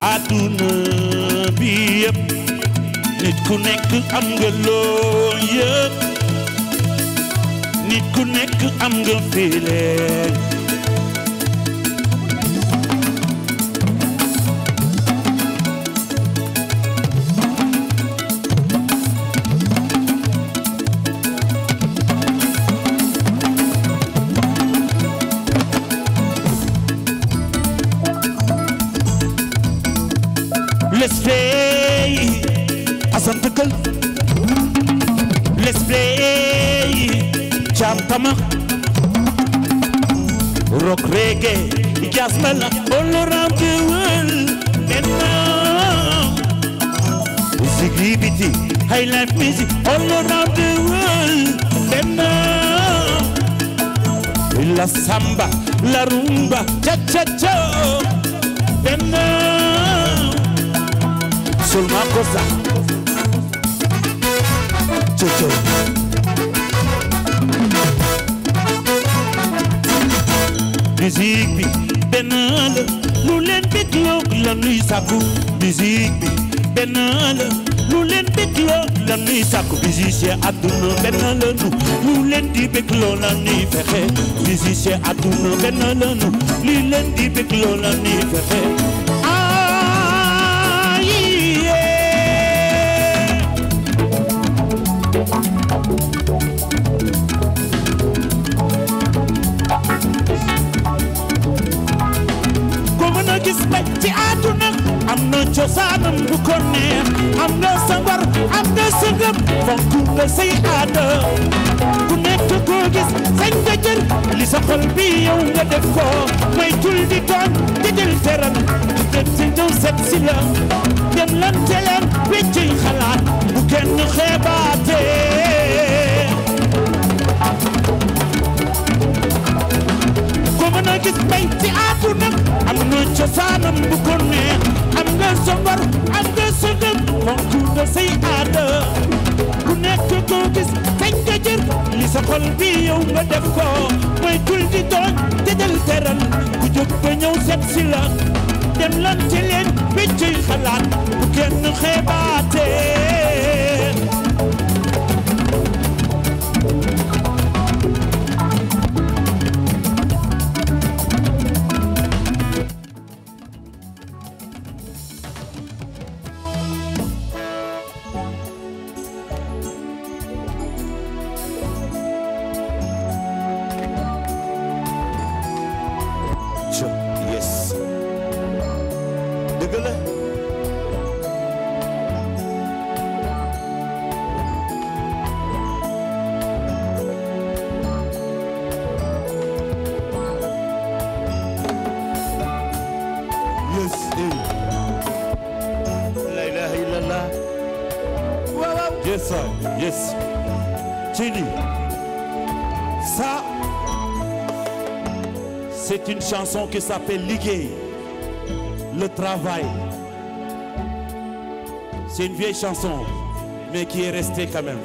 Aduna bi yëpp nit ku nekk am nga loo nit ku nekk am nga fileen rock reggae ቻብታማ ሮክ ሬጌ እያስበላ ኦሎራም ክውል ጤና ዝግቢቲ ሃይላይፍ ሚዚክ ኦሎራም ክውል ጤና la samba, la rumba, cha cha cha, benna. Sul ma cosa, ciao ciao. musique bi lu leen bégloog la nuy sàkku bi benn la lu leen bégloog la nuy benn la nu lu leen di bégloo la nuy fexe musicien àdduna benn la daj ci àdduna am na cosaanam bu ko am na sa am na sa ngëm fonk say aada ku nekk koo gis sañ li sa xol bi yow nga may tul di tooñ di jël teral di jël si ñëw set si la dem bu kenn xeebaatee cosaanam bu ko neex am nga sa ngor am nga sa dëkk fonk nga say aada ku nekk koo gis kañ nga li sa xol bi yow mooy tul di tooñ te del teral ku jóg ba ñëw set si la dem lante leen béccuy xalaat bu xeebaatee Yes, Yes. Chili. Ça, c'est une chanson qui s'appelle ligue Le travail. C'est une vieille chanson, mais qui est restée quand même.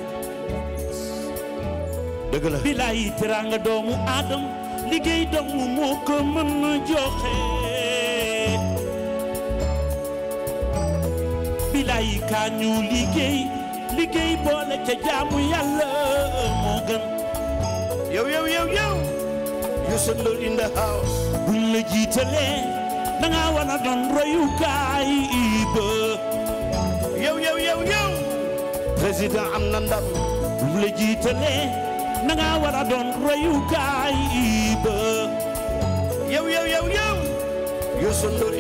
Bilaay teraanga doomu adam ligay doomu moo ko joxe bilaay ka ñu liggéey boole ca jaamu yàlla moo gën yow yow yow yow Youssou Ndour in the house buñ la jiitalee danga war a doon royukaay ba yow yow yow yow président am na ndam buñ la jiitalee danga war a doon royukaay ba yow yow yow yow Youssou Ndour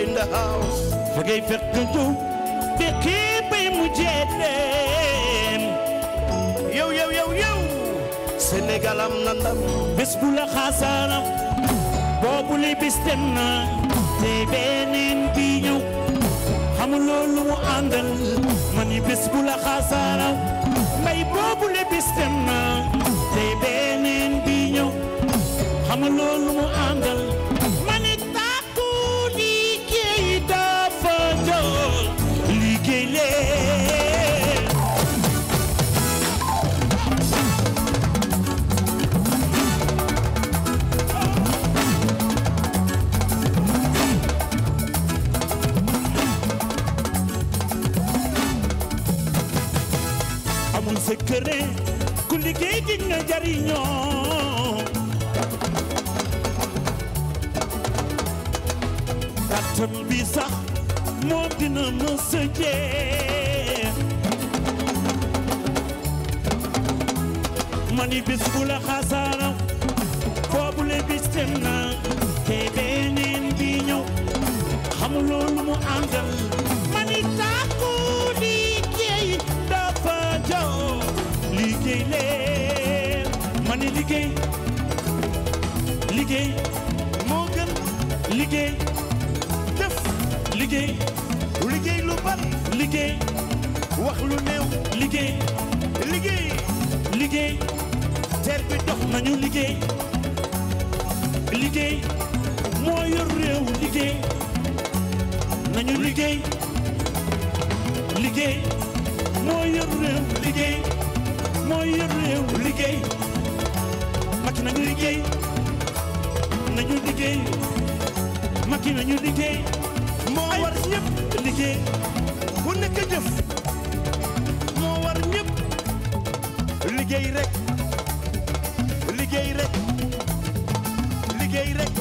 fekk njëw bay mu jeetee Sénégal am na ndam bés bu la boobu li dem na te beneen bi ñëw xamuloo lu mu àndal man yi bés bu la mbay boobu li dem na te beneen bi ñëw xamuloo lu mu àndal Avignon kattan bi sax moom dina mës a jeex mani bis bu la xasaara boobu le bis dem na te beneen bi ñëw xamu loolu mu àndal mani tàkku liggéey dafa jaw liggéey lee ma ne liggéey liggéey moo gën liggéey def liggéey liggéey lu bari liggéey wax lu néew liggéey liggéey liggéey bi dox nañu liggéey liggéey moo yor réew liggéey nañu liggéey liggéey moo yor réew liggéey moo yor réew liggéey nañu liggéey nañu liggéey Macky nañu liggéey moo war ñëpp liggéey ku nekk jëf moo war ñëpp liggéey rek liggéey rek liggéey rek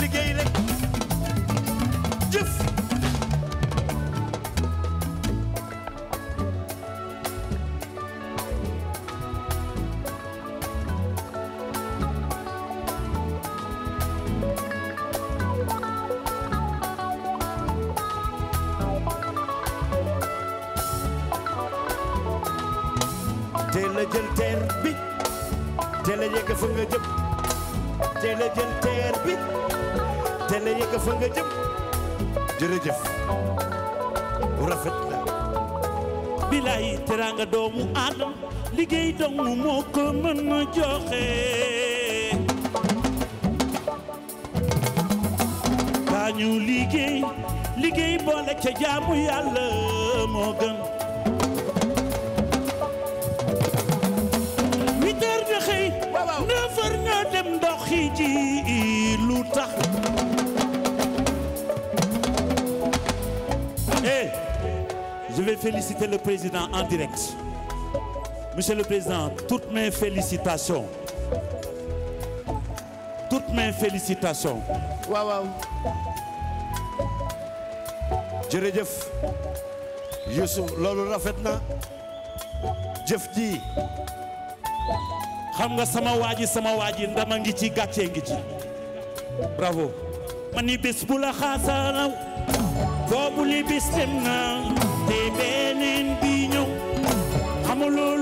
liggéey rek jëf teel a jël teer bi teel a nga jëm teel jël teer bi teel a yegg fa nga jëm rafet na bilaay teraanga doomu aadam liggéey dong moo mën joxe kaa liggéey liggéey boole ca jaamu yàlla moo Je vais féliciter le président en direct. Monsieur le Président, toutes mes félicitations. Toutes mes félicitations. Waouh waouh. jërëjëf Youssou lolu suis. Jeff ji xam nga sama waji sama waji ndama ngi ci gatché ngi ci bravo Mani bisbula la te beneen bi ñëw xamuloo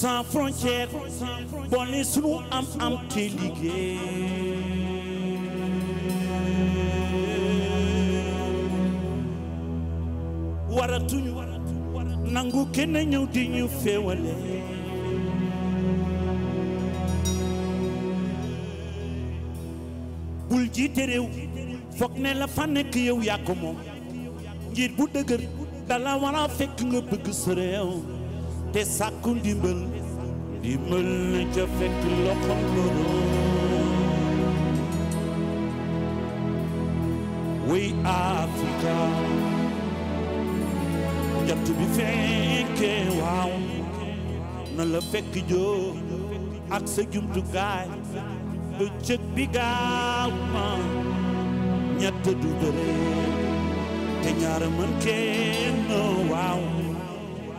sans frontière boole sunu am am te liggéey waratuñu nangu kenn ñëw di ñu féewale bul jiite réew foog ne la fa nekk yow yaa ko moom ngir bu dëgër dala wara fekk nga bëgg sa réew te sàkku ndimbal ndimbal ca fekk loxom borom wey Afrika jant bi fekkee waaw na la fekk joo ak sa jumtukaay ba cëg bi gaaw ma ñett te ñaara mën kenn waaw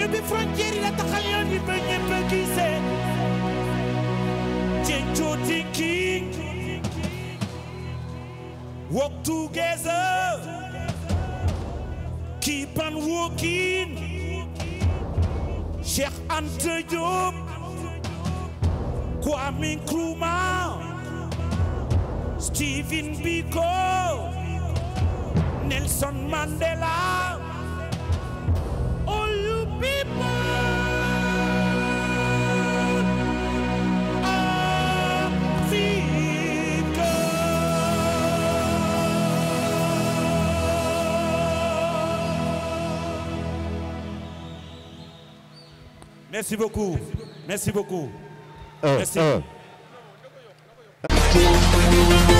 Je frontière la together keep on walking Cher Anta Diop Kwame Nkrumah Stephen Biko Nelson Mandela Merci beaucoup. Merci beaucoup. Ah, Merci. Merci. Ah.